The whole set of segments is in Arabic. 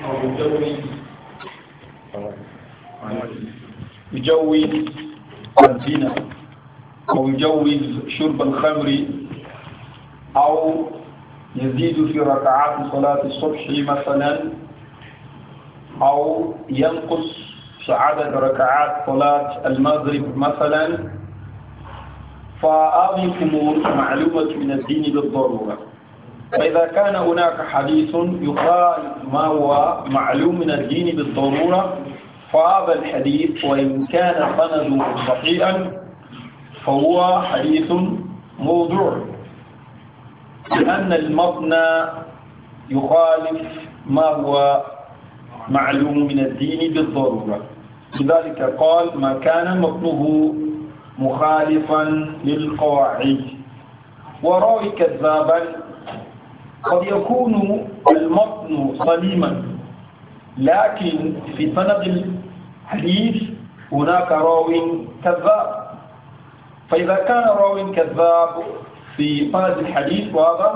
أو يجوز يجوي الزنا أو يجوز شرب الخمر أو يزيد في ركعات صلاة الصبح مثلا أو ينقص في عدد ركعات صلاة المغرب مثلا فهذه الأمور معلومة من الدين بالضرورة فإذا كان هناك حديث يخالف ما هو معلوم من الدين بالضرورة فهذا الحديث وإن كان سنده صحيحا فهو حديث موضوع لأن المبنى يخالف ما هو معلوم من الدين بالضرورة لذلك قال ما كان متنه مخالفا للقواعد وراوي كذابا قد يكون المطن صليما لكن في سند الحديث هناك راو كذاب فإذا كان راو كذاب في سند الحديث وهذا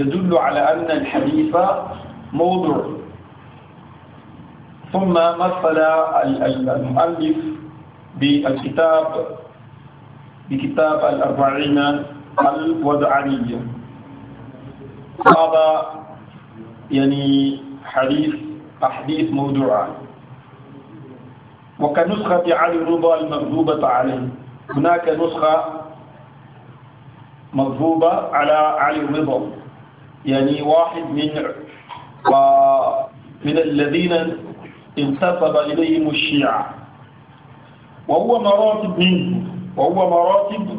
يدل على أن الحديث موضوع ثم مثل المؤلف بالكتاب بكتاب الأربعين الوضعانية هذا يعني حديث أحاديث موضوعة وكنسخة علي رضا المغضوبة عليه هناك نسخة مغضوبة على علي رضا يعني واحد من من الذين انتسب إليهم الشيعة وهو مراتب منه وهو مراتب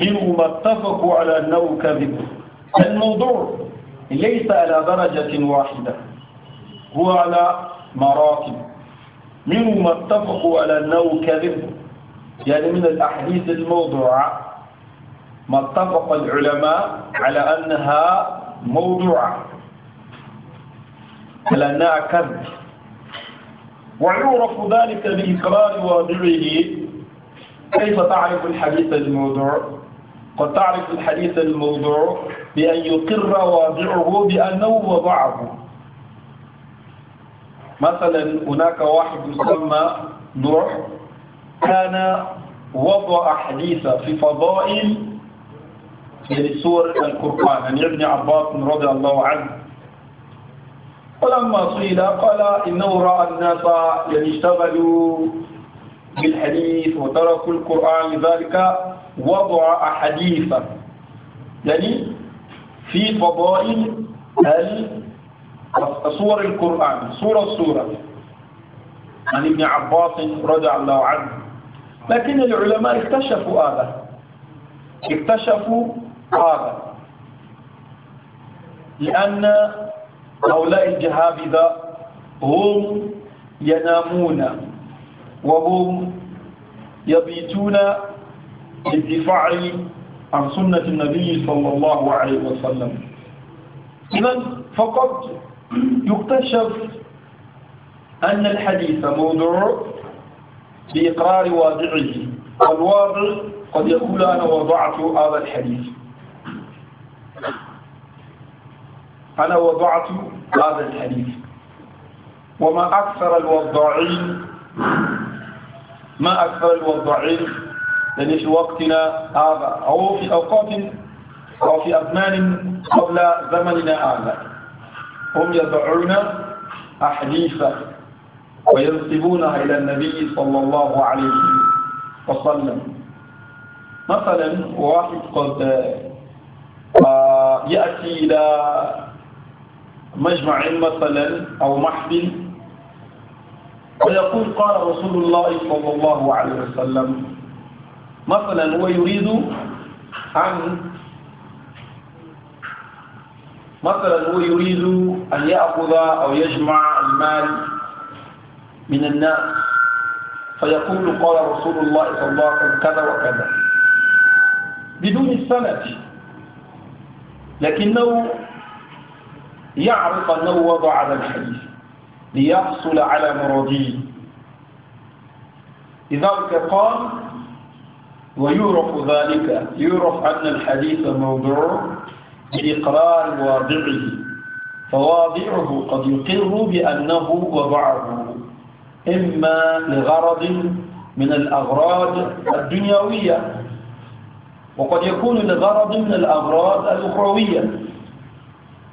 منه ما اتفقوا على أنه كذب الموضوع ليس على درجة واحدة هو على مراتب منه ما اتفقوا على أنه كذب يعني من الأحاديث الموضوعة ما اتفق العلماء على أنها موضوعة على أنها كذب ويعرف ذلك بإقرار واضعه كيف تعرف الحديث الموضوع قد تعرف الحديث الموضوع بأن يقر واضعه بأنه وضعه مثلا هناك واحد يسمى نوح كان وضع حديثة في فضائل يعني سور القرآن عن يعني ابن عباس رضي الله عنه ولما سئل قال إنه رأى الناس يعني اشتغلوا بالحديث وتركوا القرآن لذلك وضع أحاديثا يعني في فضائل صور القرآن سورة صورة عن ابن عباس رضي الله عنه لكن العلماء اكتشفوا هذا اكتشفوا هذا لأن هؤلاء الجهابذة هم ينامون وهم يبيتون للدفاع عن سنة النبي صلى الله عليه وسلم إذا فقط يكتشف أن الحديث موضوع بإقرار واضعه والواضع قد يقول أنا وضعت هذا الحديث أنا وضعت هذا الحديث وما أكثر الوضاعين ما أكثر والضعيف يعني في وقتنا هذا أو في أوقات أو في أزمان قبل زمننا هذا هم يدعون أحاديث وينسبونها إلى النبي صلى الله عليه وسلم مثلا واحد قد آه، يأتي إلى مجمع مثلا أو محفل ويقول قال رسول الله صلى الله عليه وسلم مثلا هو يريد أن مثلا هو يريد أن يأخذ أو يجمع المال من الناس فيقول قال رسول الله صلى الله عليه وسلم كذا وكذا بدون السنة لكنه يعرف أنه وضع هذا الحديث ليحصل على مراده لذلك قال ويعرف ذلك يعرف أن الحديث موضوع بإقرار واضعه فواضعه قد يقر بأنه وضعه إما لغرض من الأغراض الدنيوية وقد يكون لغرض من الأغراض الأخروية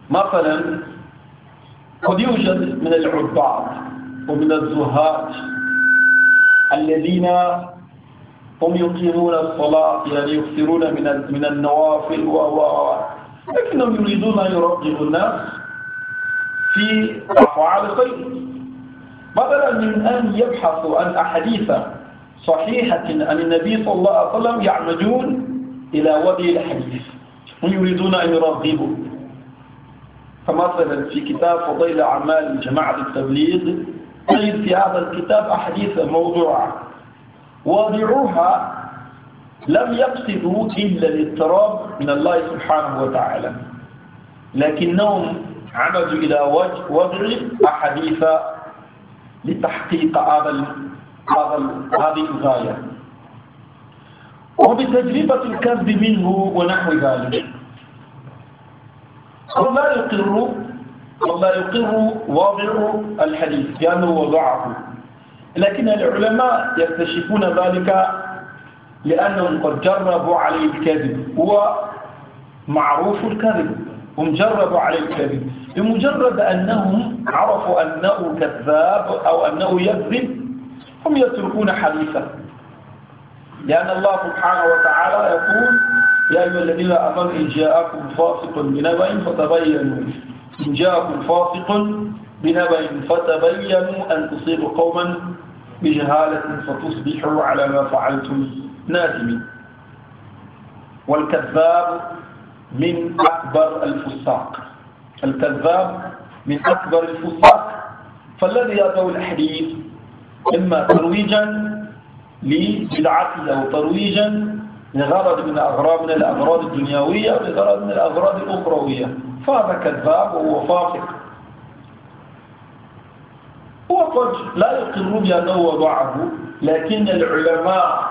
مثلا قد يوجد من العباد ومن الزهاد الذين هم يقيمون الصلاة يعني يكثرون من من النوافل و و لكنهم يريدون أن يرغبوا الناس في أفعال الخير بدلا من أن يبحثوا عن أحاديث صحيحة عن النبي صلى الله عليه وسلم يعمدون إلى وضع الحديث هم يريدون أن يرغبوا فمثلا في كتاب فضيل أعمال جماعة التبليغ تجد في هذا الكتاب أحاديث موضوعة واضعوها لم يقصدوا إلا الاضطراب من الله سبحانه وتعالى لكنهم عمدوا إلى وجه وضع أحاديث لتحقيق هذا هذا هذه الغاية وبتجربة الكذب منه ونحو ذلك أو ما يقر أو يقر واضع الحديث كانوا يعني وضعه لكن العلماء يكتشفون ذلك لأنهم قد جربوا عليه الكذب هو معروف الكذب هم جربوا عليه الكذب بمجرد أنهم عرفوا أنه كذاب أو أنه يكذب هم يتركون حديثه لأن الله سبحانه وتعالى يقول يا أيها الذين آمنوا إن جاءكم فاسق بنبأ فتبينوا إن جاءكم فاسق بنبأ فتبينوا أن تصيبوا قوما بجهالة فتصبحوا على ما فعلتم نادمين والكذاب من أكبر الفساق الكذاب من أكبر الفساق فالذي يدعو الحديث إما ترويجا لبدعته أو ترويجا لغرض من الأغراض من الأغراض الدنيوية ولغرض من الأغراض الأخروية فهذا كذاب وهو فاسق وقد لا يقر بأنه وضعه لكن العلماء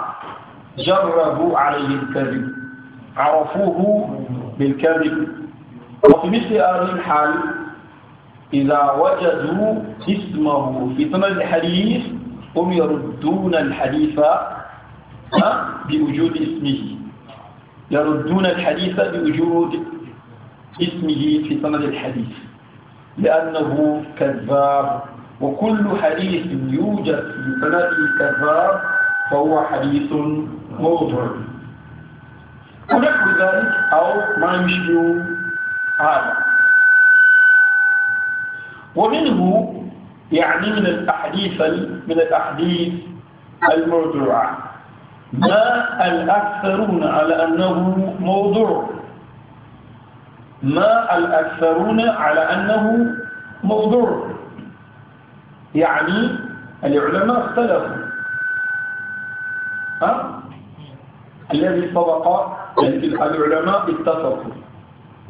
جربوا عليه الكذب عرفوه بالكذب وفي مثل هذه الحال إذا وجدوا اسمه في ثمن الحديث هم يردون الحديث بوجود اسمه يردون الحديث بوجود اسمه في سند الحديث لأنه كذاب وكل حديث يوجد في سند الكذاب فهو حديث موضوع ونحو ذلك أو ما يشبه هذا ومنه يعني من الأحاديث من الأحاديث الموضوعة ما الأكثرون على أنه موضوع ما الأكثرون على أنه موضوع يعني العلماء اختلفوا ها؟ الذي سبق العلماء اتفقوا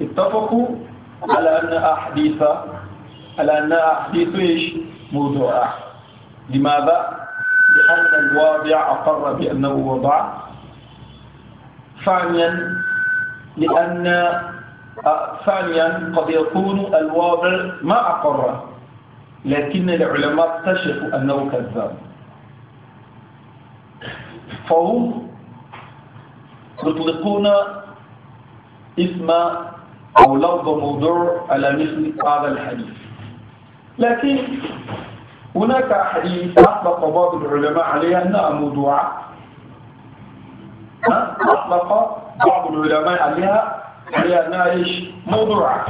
اتفقوا على أن أحديث على أن أحديث إيش موضوعة لماذا لأن الواضع أقر بأنه وضع ثانيا لأن آه، ثانيا قد يكون الواضع ما أقر لكن العلماء اكتشفوا أنه كذاب فهم يطلقون اسم أو لفظ موضوع على مثل هذا الحديث لكن هناك أحاديث أطلق بعض العلماء عليها أنها موضوعة أطلق بعض العلماء عليها عليها أنها إيش موضوعة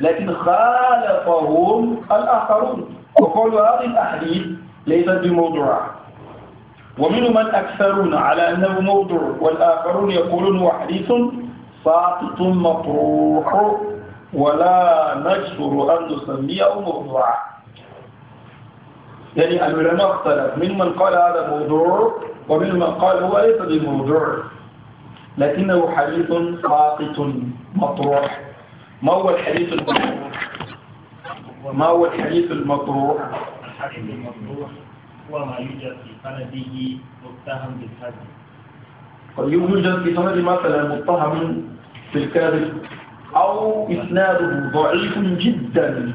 لكن خالفهم الآخرون وقالوا هذه الأحاديث ليست بموضوعة ومنهم من أكثرون على أنه موضوع والآخرون يقولون هو حديث ساقط مطروح ولا نجسر أن نسميه موضوعا يعني العلماء اختلف ممن قال هذا موضوع وممن قال هو ليس بموضوع لكنه حديث ساقط مطروح ما هو الحديث المطروح ما هو الحديث المطروح الحديث المطروح هو ما يوجد في سنده متهم بالكذب قد يوجد في سنده مثلا متهم بالكذب أو إسناده ضعيف جدا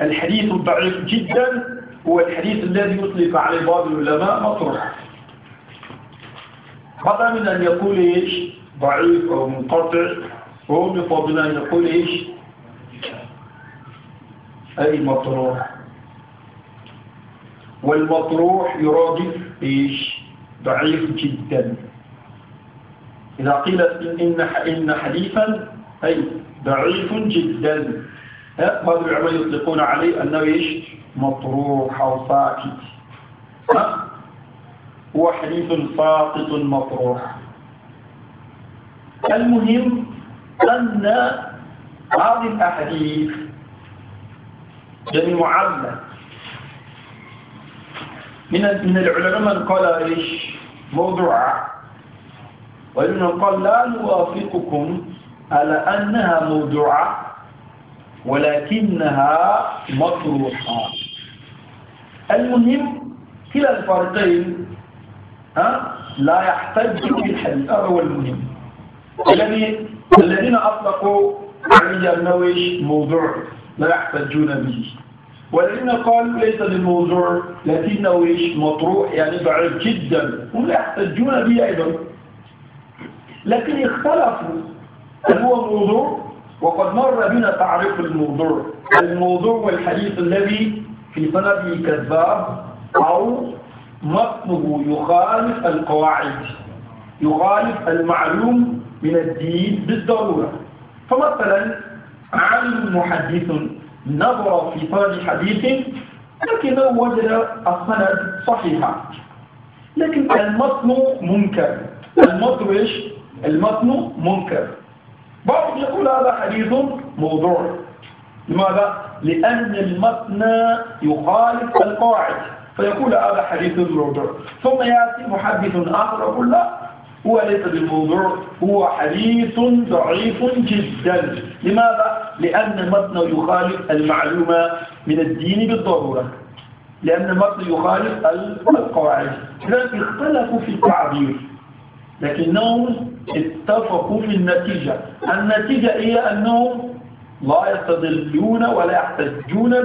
الحديث ضعيف جدا هو الحديث الذي يطلق عليه بعض العلماء مطروح بدلا من أن يقول إيش ضعيف أو منقطع هو يفضلون أن يقول إيش أي مطروح والمطروح يرادف إيش ضعيف جدا إذا قيل إن إن حديثا أي ضعيف جدا هذا العلماء يطلقون عليه أنه إيش مطروح أو ساكت هو حديث ساقط مطروح المهم أن بعض الأحاديث جميع عامة من من العلماء من قال ايش موضوع ومن قال لا نوافقكم على أنها موضوعة ولكنها مطروحة المهم كلا الفريقين ها لا يحتج بالحديث هذا هو المهم الذي الذين أطلقوا عملية النووي موضوع لا يحتجون به والذين قالوا ليس للموضوع لكنه ايش مطروح يعني بعيد جدا هم لا يحتجون به ايضا لكن اختلفوا هل هو موضوع وقد مر بنا تعريف الموضوع الموضوع والحديث الذي في سنده كذاب أو متنه يخالف القواعد يخالف المعلوم من الدين بالضرورة فمثلا عالم محدث نظر في سند حديث لكنه وجد السند صحيحا لكن المتن منكر المتن ايش؟ منكر بعض يقول هذا حديث موضوع لماذا؟ لأن المثنى يخالف القواعد فيقول هذا حديث موضوع ثم يأتي محدث آخر يقول لا هو ليس بالموضوع هو حديث ضعيف جدا لماذا؟ لأن المتن يخالف المعلومة من الدين بالضرورة لأن المتن يخالف القواعد لكن اختلفوا في التعبير لكنهم اتفقوا في النتيجة النتيجة هي أنهم لا يستدلون ولا يحتجون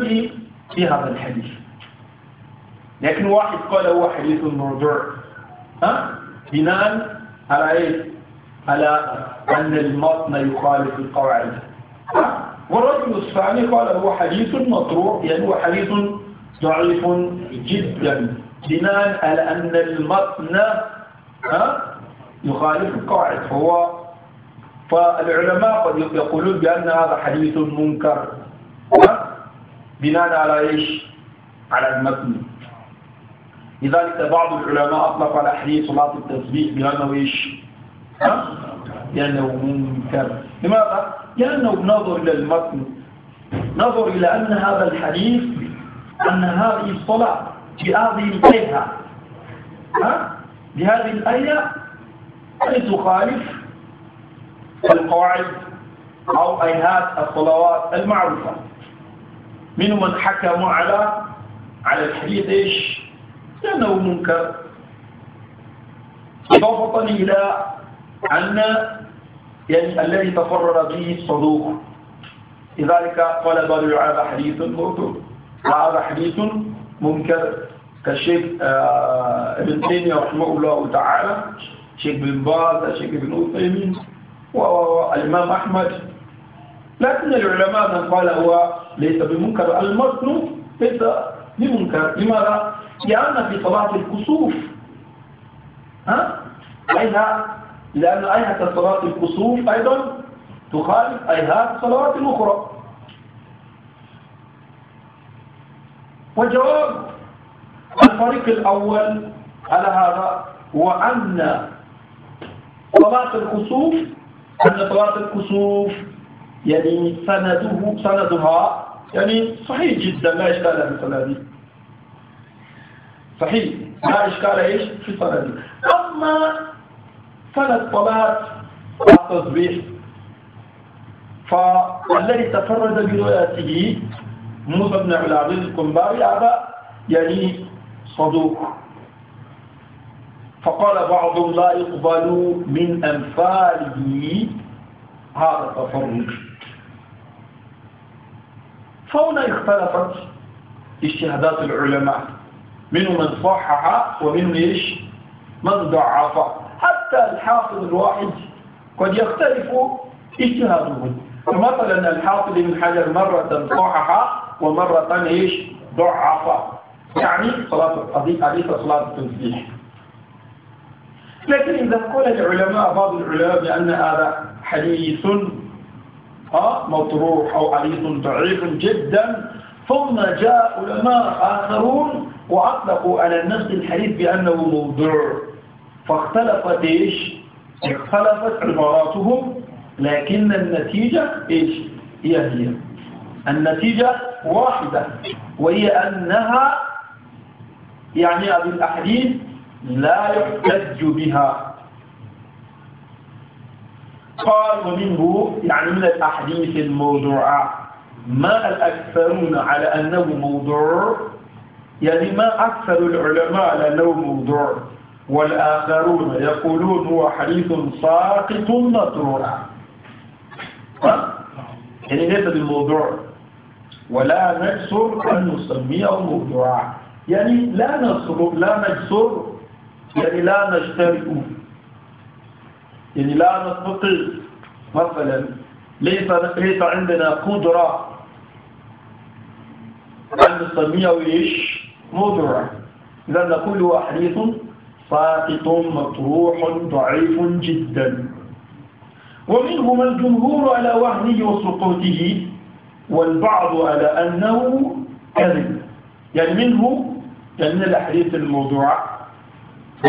بهذا الحديث لكن واحد قال هو حديث مرجوع ها بناء على ايه على ان المطن يخالف القواعد والرجل الثاني قال هو حديث مطروح يعني هو حديث ضعيف جدا بناء على ان ها؟ يخالف القواعد فهو فالعلماء قد يقولون بأن هذا حديث منكر بناء على إيش؟ على المتن لذلك بعض العلماء أطلق على حديث صلاة التسبيح بأنه إيش؟ لأنه منكر لماذا؟ لأنه نظر إلى المتن نظر إلى أن هذا الحديث أن هذه الصلاة في هذه الآية بهذه الآية أن تخالف القواعد أو أيهات الصلوات المعروفة منهم من حكم على على الحديث إيش لأنه منكر إضافة إلى أن يعني الذي تفرر به الصدوق لذلك قال بارو هذا حديث مرتب وهذا حديث منكر كالشيخ آه، ابن تيمية رحمه الله تعالى شيخ بن باز شيخ ابن عثيمين والإمام أحمد لكن العلماء من قال هو ليس بمنكر المتن ليس بمنكر لماذا؟ لأن في صلاة الكسوف ها؟ أيها لأن أيها صلاة الكسوف أيضا تخالف أيها الصلاة الأخرى وجواب الفريق الأول على هذا هو أن صلاة الكسوف أن قراءة الكسوف يعني سنده سندها يعني صحيح جدا لا إشكال في سنده صحيح لا إشكال إيش في سنده أما سند صلاة التصبيح فالذي تفرد بروايته موسى بن العزيز القنباري هذا يعني صدوق فقال بعضهم لا يقبل من أنفاله هذا التفرج فهنا اختلفت اجتهادات العلماء منهم من صحح ومنهم ايش من ضعف حتى الحافظ الواحد قد يختلف اجتهاده فمثلا الحافظ ابن حجر مرة صحح ومرة ايش ضعف يعني صلاة عليه صلاة التنسيح لكن إذا قال العلماء بعض العلماء بأن هذا حديث آه، مطروح أو حديث ضعيف جدا ثم جاء علماء آخرون وأطلقوا على نفس الحديث بأنه موضوع فاختلفت إيش؟ اختلفت عباراتهم لكن النتيجة إيش؟ هي هي النتيجة واحدة وهي أنها يعني هذه الأحاديث لا يحتج بها قال ومنه يعني من الأحاديث الموضوعة ما الأكثرون على أنه موضوع يعني ما أكثر العلماء على أنه موضوع والآخرون يقولون هو حديث ساقط مطرورا يعني ليس بالموضوع ولا نجسر أن نسميه موضوعا يعني لا نجسر لا نجسر يعني لا نشترك يعني لا نستطيع مثلا ليس ليس عندنا قدرة أن نسميه إيش مدرع إذا نقول هو حديث ساقط مطروح ضعيف جدا ومنهم الجمهور على وهنه وسقوطه والبعض على أنه كذب يعني منه يعني من الأحاديث الموضوعة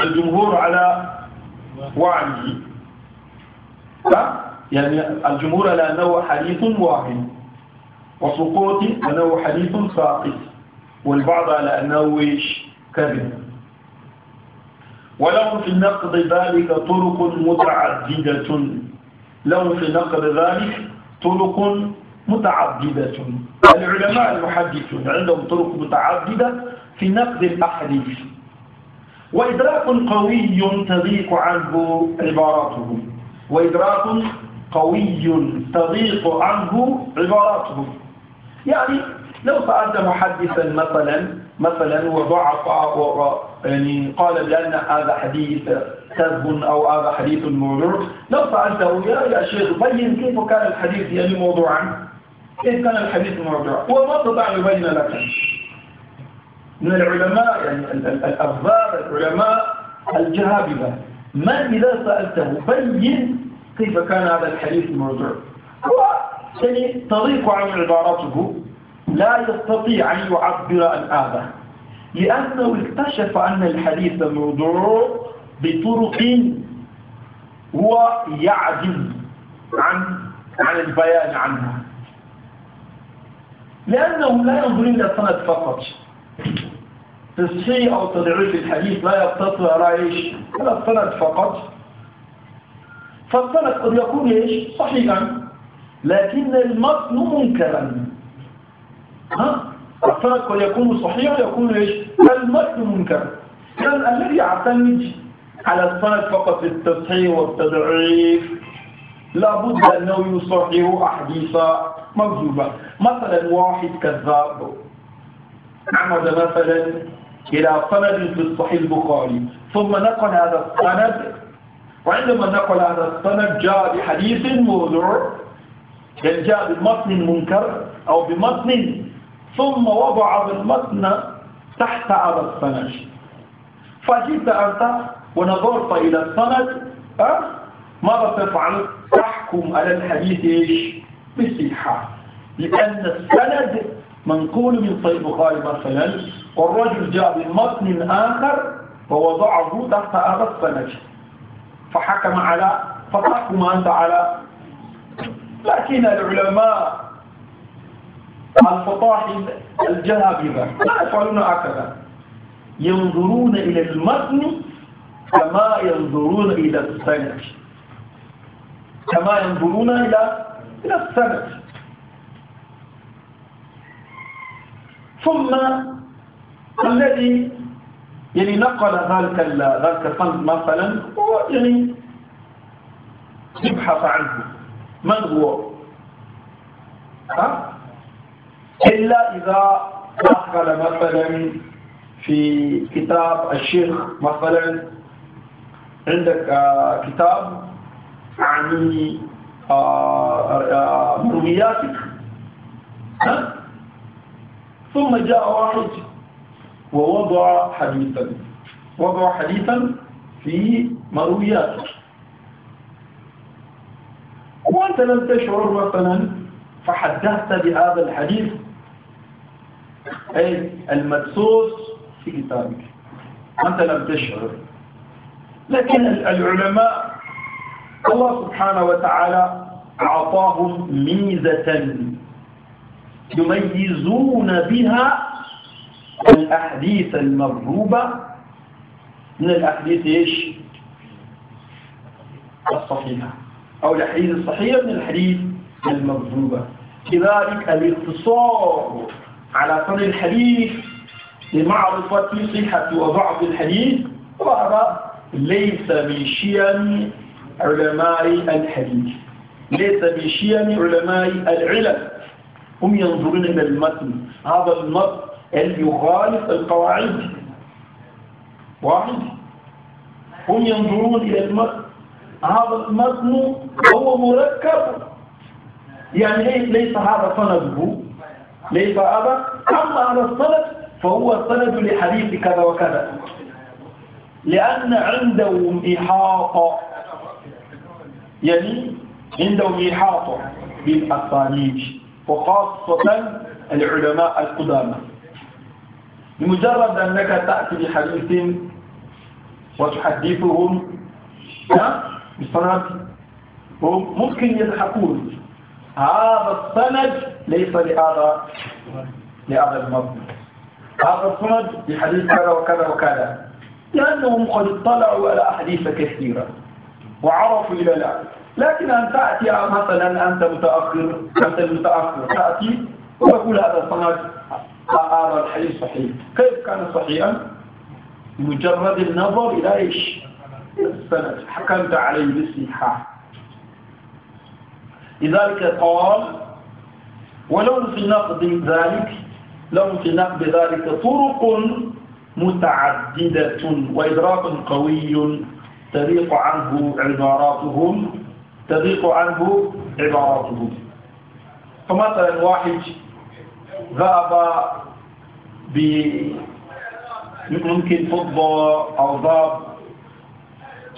والجمهور على وعيه يعني الجمهور على أنه حديث واحد وسقوط أنه حديث ساقط والبعض على أنه إيش كذب ولهم في نقض ذلك طرق متعددة لو في نقد ذلك طرق متعددة العلماء المحدثون عندهم طرق متعددة في نقد الأحاديث وإدراك قوي تضيق عنه عباراته وإدراك قوي تضيق عنه عباراته يعني لو سألت محدثا مثلا مثلا وضعف يعني قال بأن هذا حديث كذب أو هذا حديث موضوع لو سألته يا يا شيخ بين كيف كان الحديث يعني موضوعا كيف كان الحديث موضوعا وما تضع يبين لك من العلماء يعني الأخبار العلماء الجهابذة من إذا سألته بين كيف كان هذا الحديث الموضوع يعني تضيق عن عبارته لا يستطيع أن يعبر عن هذا لأنه اكتشف أن الحديث موضوع بطرق هو يعجز عن عن البيان عنها لأنه لا ينظر إلى سند فقط تصحيح أو تضعيف الحديث لا يقتصر على إيش؟ على السند فقط فالسند قد يكون إيش؟ صحيحا لكن المتن منكرا ها؟ السند قد يكون صحيحا يكون إيش؟ المتن منكرا كان الذي يعتمد على السند فقط في التصحيح والتضعيف لابد أنه يصحح أحاديث مكذوبة مثلا واحد كذاب عمد مثلا إلى صند في الصحيح البخاري ثم نقل هذا الصند وعندما نقل هذا الصند جاء بحديث موضوع بل يعني جاء بمطن منكر أو بمطن ثم وضع بالمتن تحت هذا الصند فجئت أنت ونظرت إلى الصند أه؟ ماذا تفعل؟ تحكم على الحديث إيش؟ بصحة لأن السند منقول من صحيح البخاري مثلا والرجل جاء بمتن آخر ووضعه تحت هذا السند فحكم على فتحكم أنت على لكن العلماء الفطاحل الجهابذة لا يفعلون هكذا ينظرون إلى المتن كما ينظرون إلى السند كما ينظرون إلى إلى السند ثم الذي يعني نقل ذلك ذلك الفند مثلا هو يعني يبحث عنه من هو ها؟ إلا إذا دخل مثلا في كتاب الشيخ مثلا عندك آه، كتاب عن يعني، آه، آه، مروياتك ها ثم جاء واحد ووضع حديثا وضع حديثا في مروياته وأنت لم تشعر مثلا فحدثت بهذا الحديث أي المدسوس في كتابك أنت لم تشعر لكن العلماء الله سبحانه وتعالى أعطاهم ميزة يميزون بها الأحاديث المرغوبة من الأحاديث إيش الصحيحة أو الأحاديث الصحيحة من الحديث المرغوبة كذلك الاقتصار على طريق الحديث لمعرفة صحة وضعف الحديث وهذا ليس من شيم علماء الحديث ليس من شيم علماء العلم هم ينظرون إلى المتن هذا المتن اللي يخالف القواعد واحد هم ينظرون إلى المتن هذا المتن هو مركب يعني ليس هذا سنده ليس هذا أما هذا السند فهو سند لحديث كذا وكذا لأن عندهم إحاطة يعني عندهم إحاطة بالأسانيد وخاصة العلماء القدامى لمجرد أنك تأتي بحديث وتحدثهم بسند هم ممكن يضحكون هذا السند ليس لهذا لهذا المضمون هذا السند بحديث كذا وكذا وكذا لأنهم قد اطلعوا على أحاديث كثيرة وعرفوا إلى الآن لكن أن تأتي مثلا أنت متأخر أنت متأخر تأتي وتقول هذا الصناد هذا الحديث صحيح كيف كان صحيحا؟ مجرد النظر إلى إيش؟ السند حكمت عليه بالصحة لذلك قال ولو في نقد ذلك لو في نقد ذلك طرق متعددة وإدراك قوي تريق عنه عباراتهم تضيق عنه عبارته فمثلا واحد ذهب ممكن فضة أو ذهب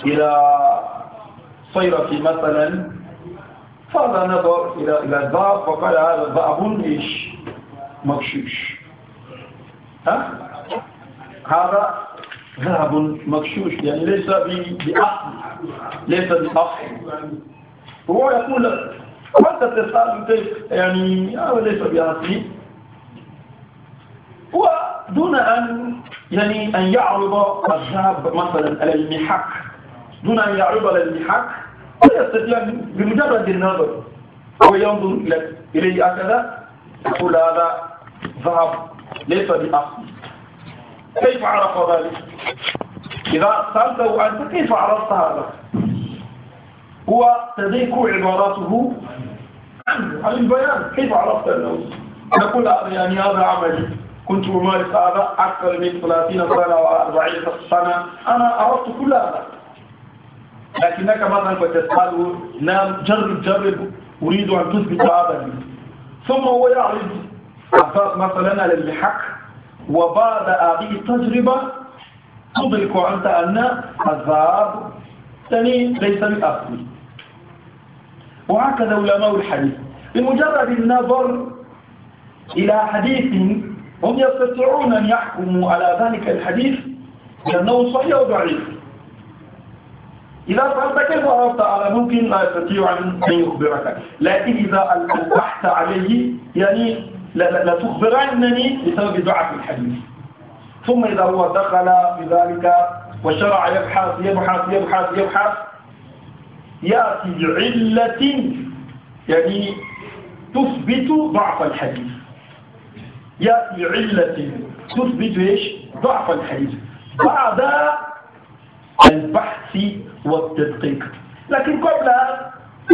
إلى صيرة مثلا فهذا نظر إلى إلى الذهب وقال هذا ذهب إيش مغشوش ها هذا ذهب مغشوش يعني ليس بأصل ليس بأصل هو يقول لك وانت تسأل يعني هذا آه، ليس بأصلي ودون أن يعني أن يعرض الذهب مثلا على المحك دون أن يعرض على المحك لا يستطيع بمجرد النظر هو ينظر إليه هكذا يقول هذا ذهب ليس بأصلي كيف عرف ذلك؟ إذا سألته أنت كيف عرفت هذا؟ هو تضيق عباراته عنه عن البيان كيف عرفت أنه نقول هذا يعني هذا عملي كنت أمارس هذا أكثر من 30 سنة و40 سنة أنا عرفت كل هذا لكنك مثلا فتسأله نعم جرب جرب أريد أن تثبت هذا لي ثم هو يعرض أثار مثلا للحق وبعد هذه التجربة تدرك أنت أن الذهاب ثاني ليس بأصلي وهكذا علماء الحديث بمجرد النظر إلى حديث هم يستطيعون أن يحكموا على ذلك الحديث لأنه صحيح أو ضعيف إذا سألت كيف عرفت على ممكن لا يستطيع أن يخبرك لكن إذا ألقحت عليه يعني لا تخبرنني بسبب ضعف الحديث ثم إذا هو دخل في ذلك وشرع يبحث يبحث يبحث يبحث يأتي بعلة يعني تثبت ضعف الحديث يأتي بعلة تثبت إيش ضعف الحديث بعد البحث والتدقيق لكن قبل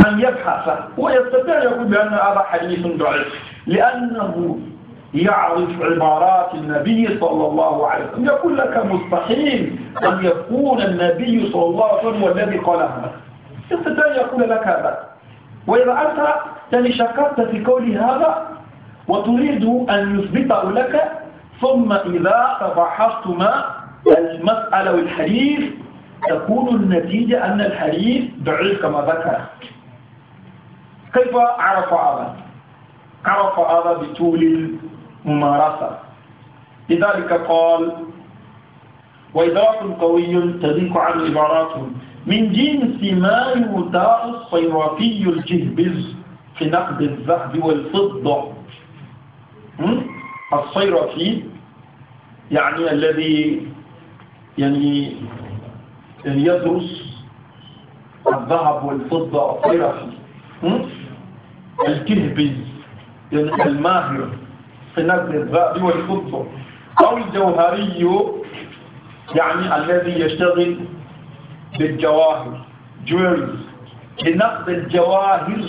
أن يبحث ويستطيع يقول بأن هذا حديث ضعيف لأنه يعرف عبارات النبي صلى الله عليه وسلم يقول لك مستحيل أن يكون النبي صلى الله عليه وسلم والذي قال هذا يستطيع أن يقول لك هذا وإذا أنت يعني شكرت في قول هذا وتريد أن يثبته لك ثم إذا تبحثتما المسألة والحديث تكون النتيجة أن الحديث ضعيف كما ذكر كيف عرف هذا؟ عرف هذا بطول الممارسة لذلك قال وإدراك قوي تضيق عنه عباراته من جنس ما يودع الصيرافي الجهبز في نقد الذهب والفضة الصيرافي يعني الذي يعني،, يعني يدرس الذهب والفضة الصيرافي الجهبز يعني الماهر في نقد الذهب والفضة أو الجوهري يعني الذي يشتغل بالجواهر جويلز لنقد الجواهر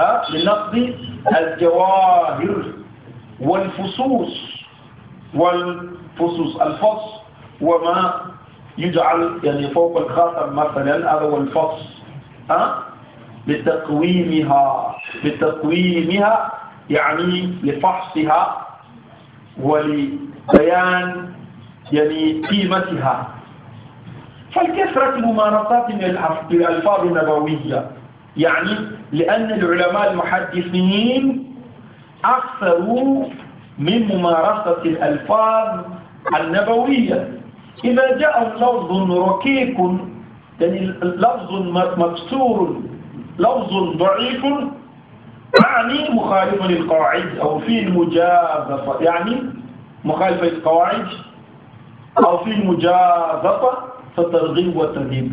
ها لنقد الجواهر والفصوص والفصوص الفص وما يجعل يعني فوق الخاتم مثلا هذا هو الفص ها لتقويمها لتقويمها يعني لفحصها ولبيان يعني قيمتها فالكثرة ممارسات الألفاظ النبوية يعني لأن العلماء المحدثين أكثروا من ممارسة الألفاظ النبوية إذا جاء لفظ ركيك يعني لفظ مكسور لفظ ضعيف يعني مخالف للقواعد أو في المجازفة يعني مخالف للقواعد أو في المجازفة فترغيب وترهيب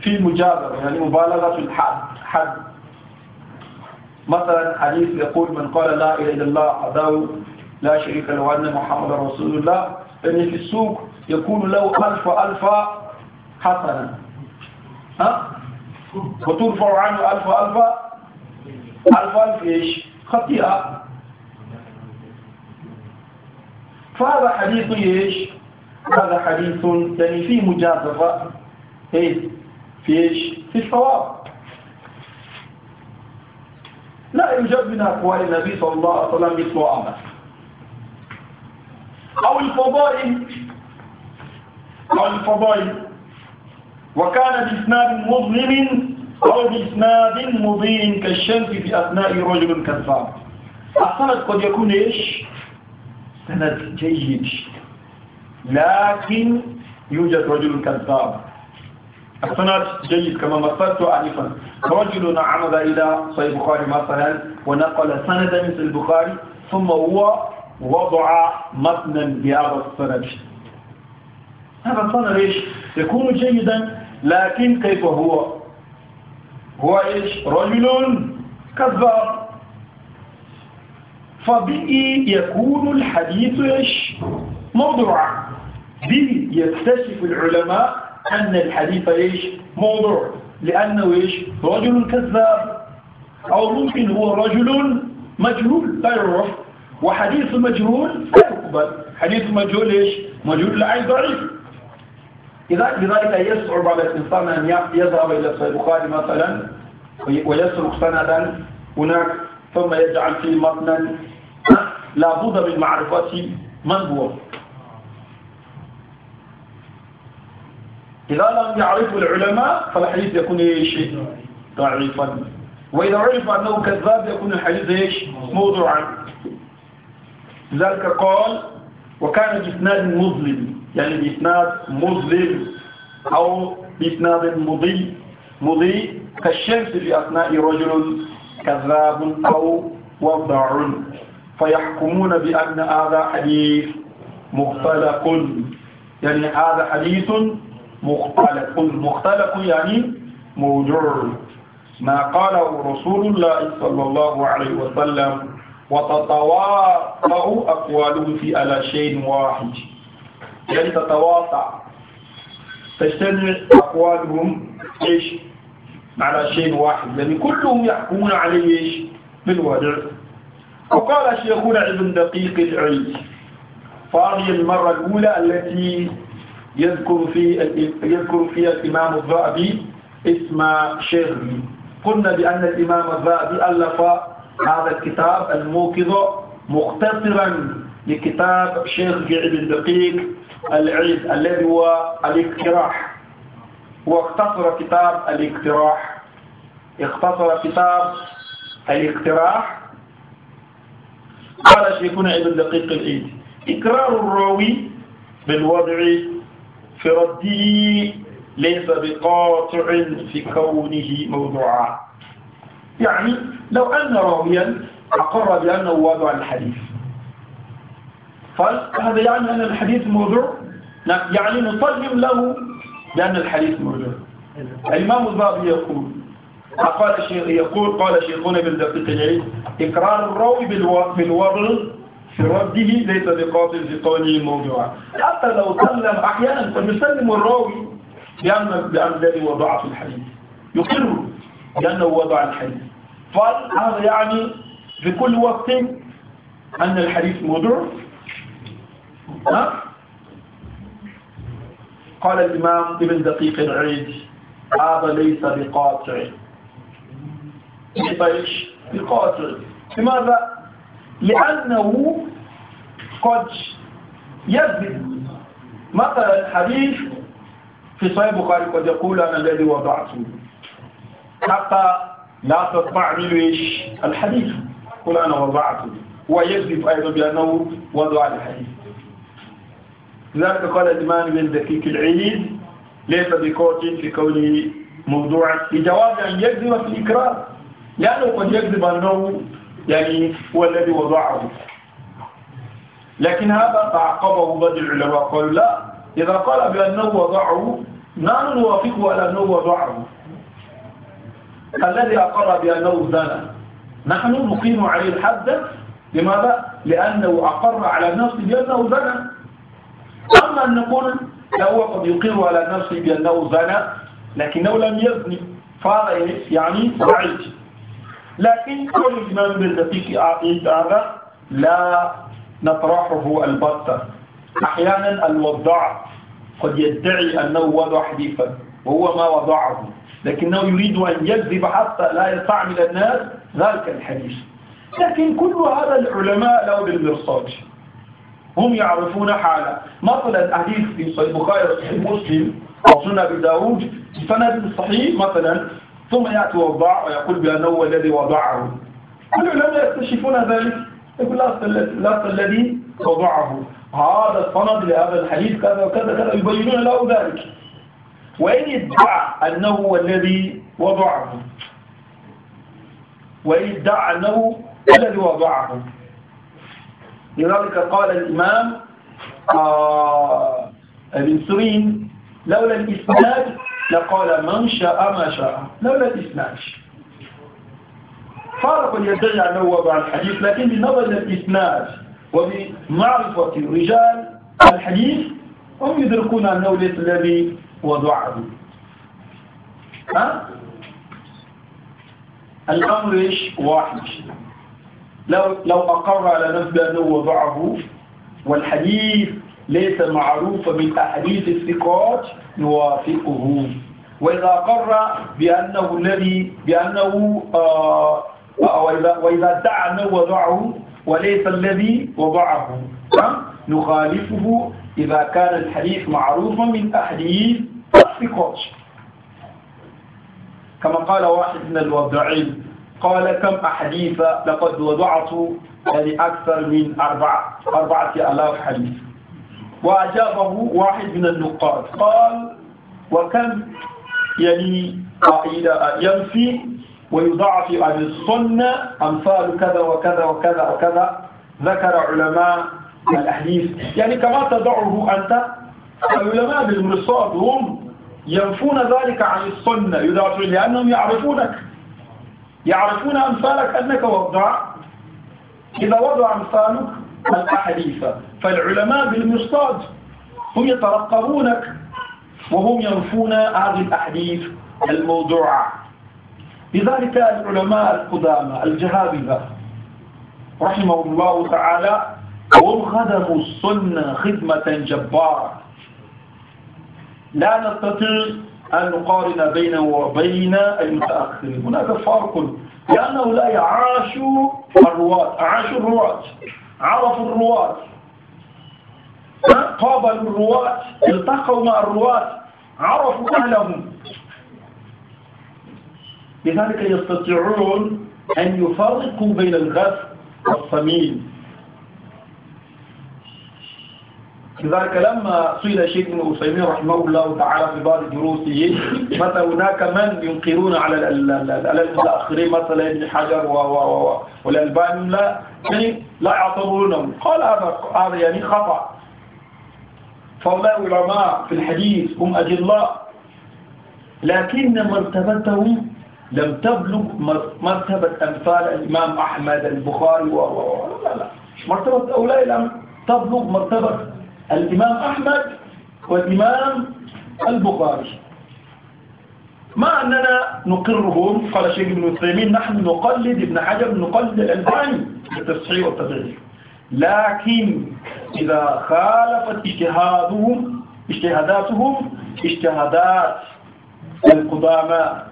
في مجابرة يعني مبالغة في الحد حد مثلا حديث يقول من قال لا إله إلا الله عداو لا شريك له أن محمد رسول الله أن في السوق يكون له ألف ألف حسنا ها وترفع عنه ألف ألف ألف ألف إيش خطيئة فهذا حديث إيش هذا حديث يعني فيه مجازفة إيه في إيش في الثواب لا يوجد من أقوال النبي صلى الله عليه وسلم مثل عمل أو الفضائل أو الفضائل وكان بإسناد مظلم أو بإسناد مضيء كالشمس في أثناء رجل كذاب السند قد يكون إيش سند جيد لكن يوجد رجل كذاب السند جيد كما مثلت آنفا رجل عمد إلى صحيح البخاري مثلا ونقل سندا مثل البخاري ثم هو وضع متنا بهذا السند هذا السند ايش؟ يكون جيدا لكن كيف هو؟ هو ايش؟ رجل كذاب فبه يكون الحديث ايش؟ موضوعا به يكتشف العلماء أن الحديث إيش موضوع لأنه إيش رجل كذاب أو ممكن هو رجل مجهول لا يعرف وحديث مجهول لا يقبل حديث مجهول إيش مجهول العين ضعيف إذا لذلك يصعب على الإنسان أن يذهب إلى صحيح البخاري مثلا ويسرق سندا هناك ثم يجعل فيه متنا لابد من معرفة من هو إذا لم يعرف العلماء فالحديث يكون إيش ضعيفا وإذا عرف أنه كذاب يكون الحديث إيش موضوعا لذلك قال وكان بإسناد مظلم يعني بإسناد مظلم أو بإسناد مضي مضي كالشمس في أثناء رجل كذاب أو وضع فيحكمون بأن هذا حديث مختلق يعني هذا حديث مختلف مختلف يعني موجوع ما قاله رسول الله صلى الله عليه وسلم وتتواطأ أقواله في على شيء واحد يعني تتواطأ تجتمع أقوالهم إيش على شيء واحد يعني كلهم يحكمون عليه إيش بالوضع وقال شيخنا ابن دقيق العيد فهذه المرة الأولى التي يذكر في يذكر في الإمام الذهبي اسم شيخ قلنا بأن الإمام الذهبي ألف هذا الكتاب الموقظ مختصرا لكتاب شيخ جعب الدقيق العيد الذي هو الاقتراح واختصر كتاب الاقتراح اختصر كتاب الاقتراح قال شيخنا ابن دقيق العيد إكرار الراوي بالوضع في رده ليس بقاطع في كونه موضوعا يعني لو أن راويا أقر بأنه واضع الحديث فهذا يعني أن الحديث موضوع نعم، يعني نطلم له بأن الحديث موضوع الإمام الضابي يقول قال يقول قال شيخنا ابن دقيق الجريد إقرار الراوي بالوضع في رده ليس بقاتل في قوله موضوعا حتى لو سلم أحيانا فيسلم الراوي بأن بأن الذي وضع في الحديث يقر بأنه وضع الحديث فهذا يعني في كل وقت أن الحديث موضوع ها؟ قال الإمام ابن دقيق العيد هذا ليس بقاطع ليس بقاطع لماذا؟ لأنه قد يكذب مثلا الحديث في صحيح البخاري قد يقول أنا الذي وضعته حتى لا تطمع إيش الحديث قل أنا وضعته ويكذب أيضا بأنه وضع الحديث لذلك قال الإمام بن دقيق العيد ليس بقوت في كونه موضوعا بجواز أن يكذب في الإكرار لأنه قد يكذب أنه يعني هو الذي وضعه لكن هذا تعقبه بعض العلماء قالوا لا إذا قال بأنه وضعه لا نوافقه على أنه وضعه الذي أقر بأنه زنى نحن نقيم عليه الحد لماذا؟ لأنه أقر على نفسه بأنه زنى أما أن نقول لو قد يقر على نفسه بأنه زنى لكنه لم يزني فهذا يعني بعيد يعني لكن ما نبدأ بالدقيق عقيد هذا لا نطرحه البتة أحيانا الوضع قد يدعي أنه وضع حديثا وهو ما وضعه لكنه يريد أن يكذب حتى لا يستعمل الناس ذلك الحديث لكن كل هذا العلماء له بالمرصاد هم يعرفون حاله مثلا الحديث في صحيح البخاري وصحيح مسلم وسنن بداود في بسند صحيح مثلا ثم يأتي وضع ويقول بأنه هو الذي وضعه العلماء يكتشفون ذلك يقول لست الذي وضعه هذا الصند لهذا الحديث كذا وكذا كذا يبينون له ذلك وإن ادعى أنه هو الذي وضعه وإن ادعى أنه الذي وضعه لذلك قال الإمام آه ابن سرين لولا الإسناد لقال من شاء ما شاء لولا الإسناد فارق يدعي أنه هو الحديث لكن بنظر الإسناد وبمعرفة رجال الحديث هم يدركون أنه ليس الذي وضعه ها؟ الأمر إيش واحد لو لو أقر على نفسه أنه وضعه والحديث ليس معروفا من أحاديث الثقات نوافقه وإذا قر بأنه الذي بأنه آه، آه، وإذا وإذا ادعى أنه وضعه وليس الذي وضعه نعم، نخالفه إذا كان الحديث معروفا من أحاديث الثقات كما قال واحد من الوضعين قال كم أحاديث لقد وضعت يعني أكثر من أربعة أربعة آلاف حديث وأجابه واحد من النقاد قال وكم يعني ينفي ويضعف عن السنة أمثال كذا وكذا وكذا وكذا ذكر علماء الأحاديث يعني كما تضعه أنت العلماء بالمرصاد هم ينفون ذلك عن السنة يضعفون لأنهم يعرفونك يعرفون أمثالك أنك وضع إذا وضع أمثالك الأحاديث فالعلماء بالمصطاد هم يترقبونك وهم ينفون هذه الأحاديث الموضوعة لذلك العلماء القدامى الجهابذة رحمه الله تعالى هم خدموا السنة خدمة جبارة لا نستطيع أن نقارن بينه وبين المتأخرين هناك فرق لأنه لا يعاش الرواة عاش الرواة عرفوا الرواة قابلوا الرواة التقوا مع الرواة عرفوا أهلهم لذلك يستطيعون أن يفرقوا بين الغث والصميم لذلك لما صيل الشيخ ابن عثيمين رحمه الله تعالى في بعض دروسه مثلا هناك من ينكرون على المتاخرين مثلا ابن حجر والالباني لا يعني لا يعتبرونهم قال هذا هذا يعني خطا فهؤلاء علماء في الحديث هم اجلاء لكن مرتبتهم لم تبلغ مرتبة أمثال الإمام أحمد البخاري و لا لا مرتبة هؤلاء لم تبلغ مرتبة الإمام أحمد والإمام البخاري مع أننا نقرهم قال شيخ ابن الثيمين نحن نقلد ابن حجر نقلد الألباني بالتصحيح والتضعيف لكن إذا خالفت اجتهادهم اجتهاداتهم اجتهادات القدامى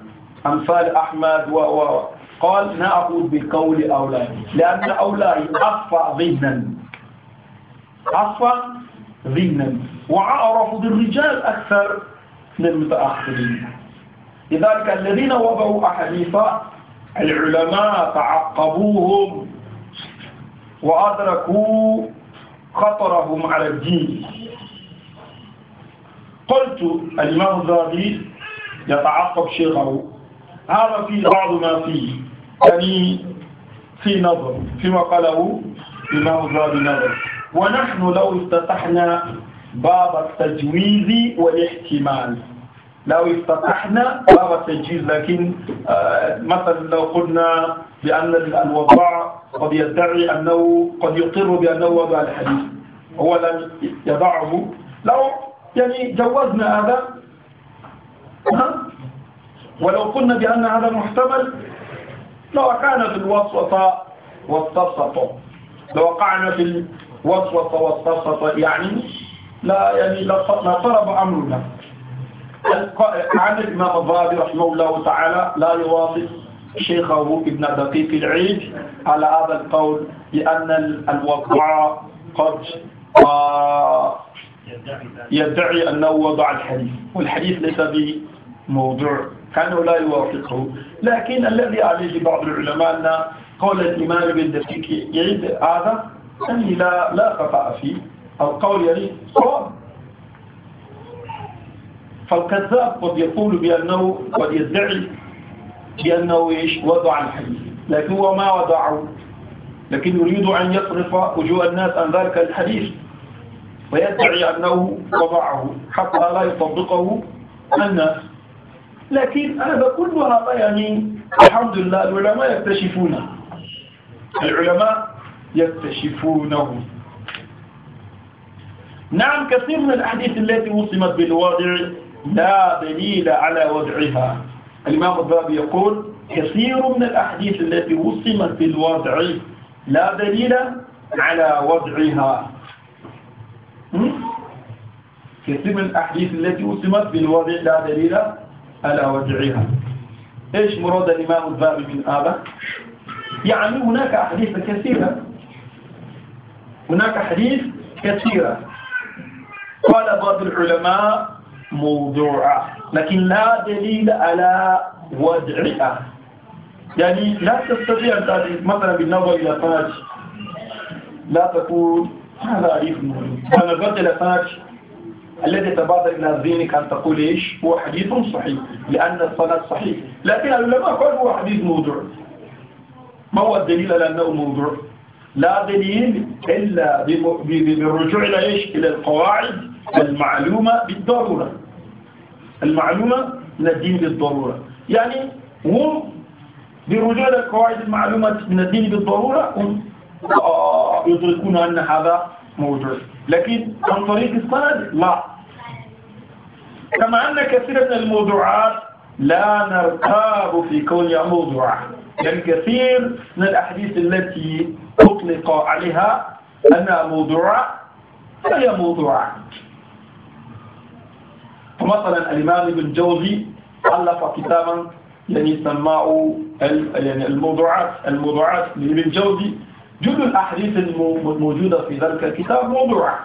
أمثال أحمد و و قال لا بالقول أولاي لأن أولاي أخفى ذهنا أخفى ذهنا وعرف بالرجال أكثر من المتأخرين لذلك الذين وضعوا أحاديث العلماء تعقبوهم وأدركوا خطرهم على الدين قلت الإمام الزادي يتعقب شيخه هذا في بعض ما فيه يعني في نظر فيما قاله الإمام الزادي نظر ونحن لو افتتحنا باب التجويز والاحتمال لو افتتحنا باب التجويز لكن آه، مثلا لو قلنا بأن الوضاع قد يدعي أنه قد يقر بأنه وضع الحديث هو لم يضعه لو يعني جوزنا هذا ولو قلنا بأن هذا محتمل لو كان في الوسط والتبسط لو وقعنا في وسوس واستسقط يعني لا يعني لا طرب امرنا عن الامام الظاهري رحمه الله تعالى لا يوافق شيخه ابن دقيق العيد على هذا القول لان الوقع قد آه، يدعي انه وضع الحديث والحديث ليس بموضوع كانوا لا يوافقه لكن الذي عليه بعض العلماء ان قول الامام ابن دقيق العيد هذا الذي لا لا خطأ فيه القول يعني صواب فالكذاب قد يقول بأنه قد يدعي بأنه إيش وضع الحديث لكن هو ما وضعه لكن يريد أن يصرف وجوه الناس عن ذلك الحديث ويدعي أنه وضعه حتى لا يطبقه الناس لكن هذا كل هذا يعني الحمد لله العلماء يكتشفونه العلماء يكتشفونه نعم كثير من الأحاديث التي وصمت بالوضع لا دليل على وضعها الإمام الذهبي يقول كثير من الأحاديث التي وصمت بالوضع لا دليل على وضعها كثير من الأحاديث التي وصمت بالوضع لا دليل على وضعها إيش مراد الإمام الذهبي من هذا؟ يعني هناك أحاديث كثيرة هناك حديث كثيرة قال بعض العلماء موضوعة لكن لا دليل على وضعها يعني لا تستطيع أن تأتي مثلا بالنظر إلى فاج لا تقول هذا إثم أنا نظرت إلى فاج الذي تبادر إلى ذهنك أن تقول إيش هو حديث صحيح لأن الصلاة صحيح لكن العلماء قالوا هو حديث موضوع ما هو الدليل على أنه موضوع لا دليل إلا بالرجوع إلى إيش إلى القواعد المعلومة بالضرورة المعلومة من الدين بالضرورة يعني هم بالرجوع إلى القواعد المعلومة من الدين بالضرورة هم يدركون أن هذا موجود لكن عن طريق السند لا كما أن كثير من الموضوعات لا نرتاب في كونها موضوعات يعني كثير من الأحاديث التي أطلق عليها أنها موضوعة فهي موضوعة فمثلا الإمام ابن جوزي ألف كتابا يعني سماه يعني الموضوعات الموضوعات لابن جوزي جل الأحاديث الموجودة في ذلك الكتاب موضوعة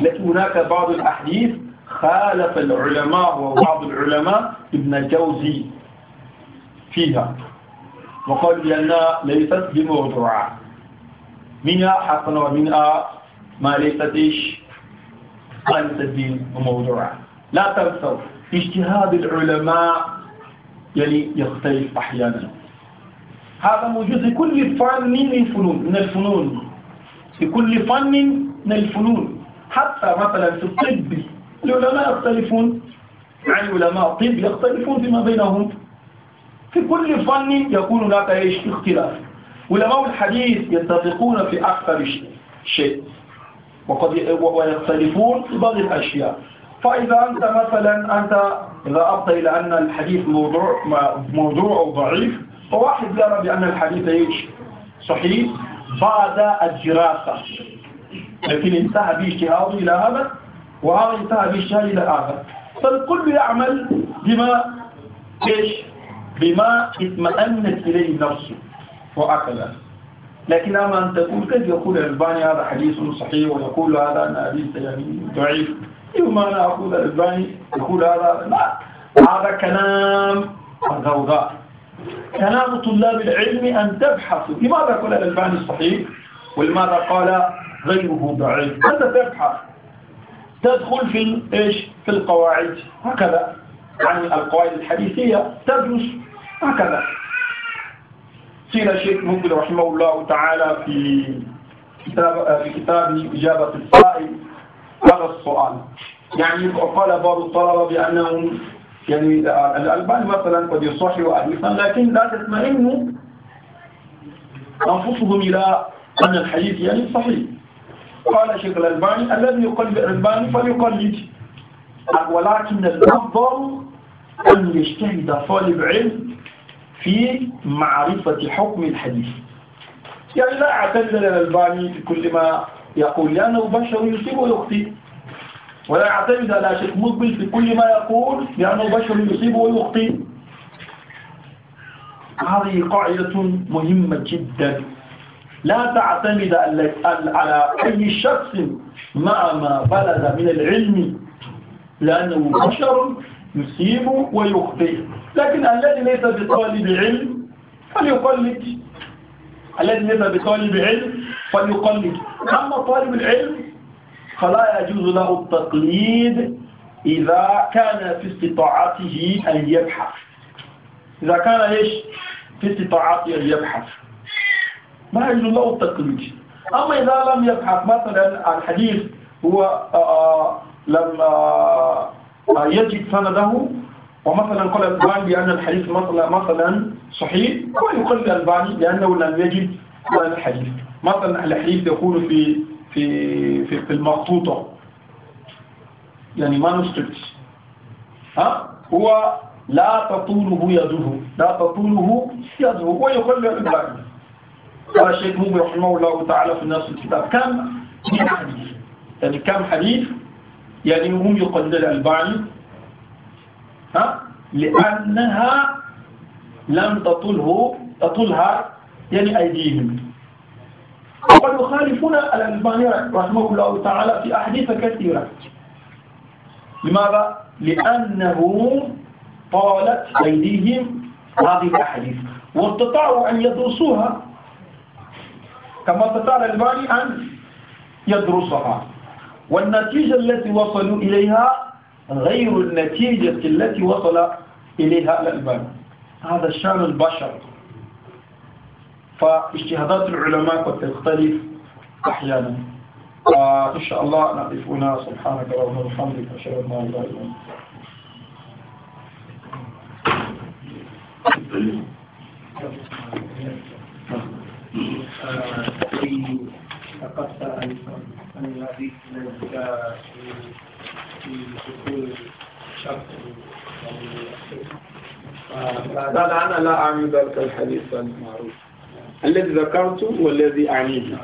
لكن هناك بعض الأحاديث خالف العلماء وبعض العلماء ابن جوزي فيها وقالوا بأنها ليست بموضوعة منها حقنا ومنها ما ليست إيش ليست بموضوعة لا تنسوا اجتهاد العلماء يلي يعني يختلف أحيانا هذا موجود في كل فن من الفنون من الفنون في كل فن من الفنون حتى مثلا في الطب العلماء يختلفون عن يعني علماء الطب يختلفون فيما بينهم في كل فن يكون هناك ايش اختلاف علماء الحديث يتفقون في أكثر شيء وقد ويختلفون في بعض الأشياء فإذا أنت مثلا أنت إذا أبطى إلى أن الحديث موضوع موضوع أو ضعيف فواحد يرى بأن الحديث إيش صحيح بعد الدراسة لكن انتهى باجتهاده إلى هذا وهذا انتهى باجتهاده إلى هذا فالكل يعمل بما إيش بما اطمأنت إليه نفسه وأكله لكن أما أن تقول قد يقول الألباني هذا حديث صحيح ويقول هذا أنا حديث يعني ضعيف يوم أنا أقول الألباني يقول هذا لا هذا كلام غوغاء كلام طلاب العلم أن تبحثوا لماذا قال الألباني صحيح ولماذا قال غيره ضعيف أنت تبحث تدخل في إيش في القواعد هكذا يعني القواعد الحديثية تدرس هكذا سينا الشيخ ممكن رحمه الله تعالى في كتاب في كتابه إجابة السائل هذا السؤال يعني قال بعض الطلبة بأنهم يعني الألبان مثلا قد يصحي حديثا لكن لا تطمئن أنفسهم إلى أن الحديث يعني صحيح قال شيخ الألباني الذي يقلد الألباني فليقلد ولكن الأفضل أن يجتهد طالب علم في معرفة حكم الحديث يعني لا اعتذر الألباني في كل ما يقول لأنه بشر يصيب ويخطئ ولا اعتمد على شيخ مقبل في كل ما يقول لأنه بشر يصيب ويخطئ هذه قاعدة مهمة جدا لا تعتمد على أي شخص مع ما بلغ من العلم لأنه بشر يصيب ويخطئ لكن الذي ليس بطالب علم فليقلد الذي ليس بطالب علم فليقلد أما طالب العلم فلا يجوز له التقليد إذا كان في استطاعته أن يبحث إذا كان إيش في استطاعته أن يبحث ما يجوز له التقليد أما إذا لم يبحث مثلا الحديث هو آه، آه، لما يجد سنده ومثلا قال الباني بأن الحديث مثلا صحيح ويقل الباني بأنه لم يجد هذا الحديث مثلا الحديث يكون في في في, في المخطوطة يعني مانوسكريبت ها هو لا تطوله يده لا تطوله يده ويقل الباني قال الشيخ مبي رحمه الله تعالى في نفس الكتاب كم حديث يعني كم حديث يعني هم يقلد الألباني ها لأنها لم تطله تطلها يعني أيديهم وقد يخالفون الألباني رحمه الله تعالى في أحاديث كثيرة لماذا؟ لأنه طالت أيديهم هذه الأحاديث واستطاعوا أن يدرسوها كما استطاع الألباني أن يدرسها والنتيجة التي وصلوا إليها غير النتيجة التي وصل إليها الألبان هذا شان البشر فاجتهادات العلماء قد تختلف أحيانا آه، إن شاء الله نقف هنا سبحانك اللهم وبحمدك أشهد أن لا إله إلا أنت Thank آه، you. من هذه الزكاة في دخول شرط قال أنا لا أعني ذلك الحديث المعروف الذي ذكرته والذي أعنيه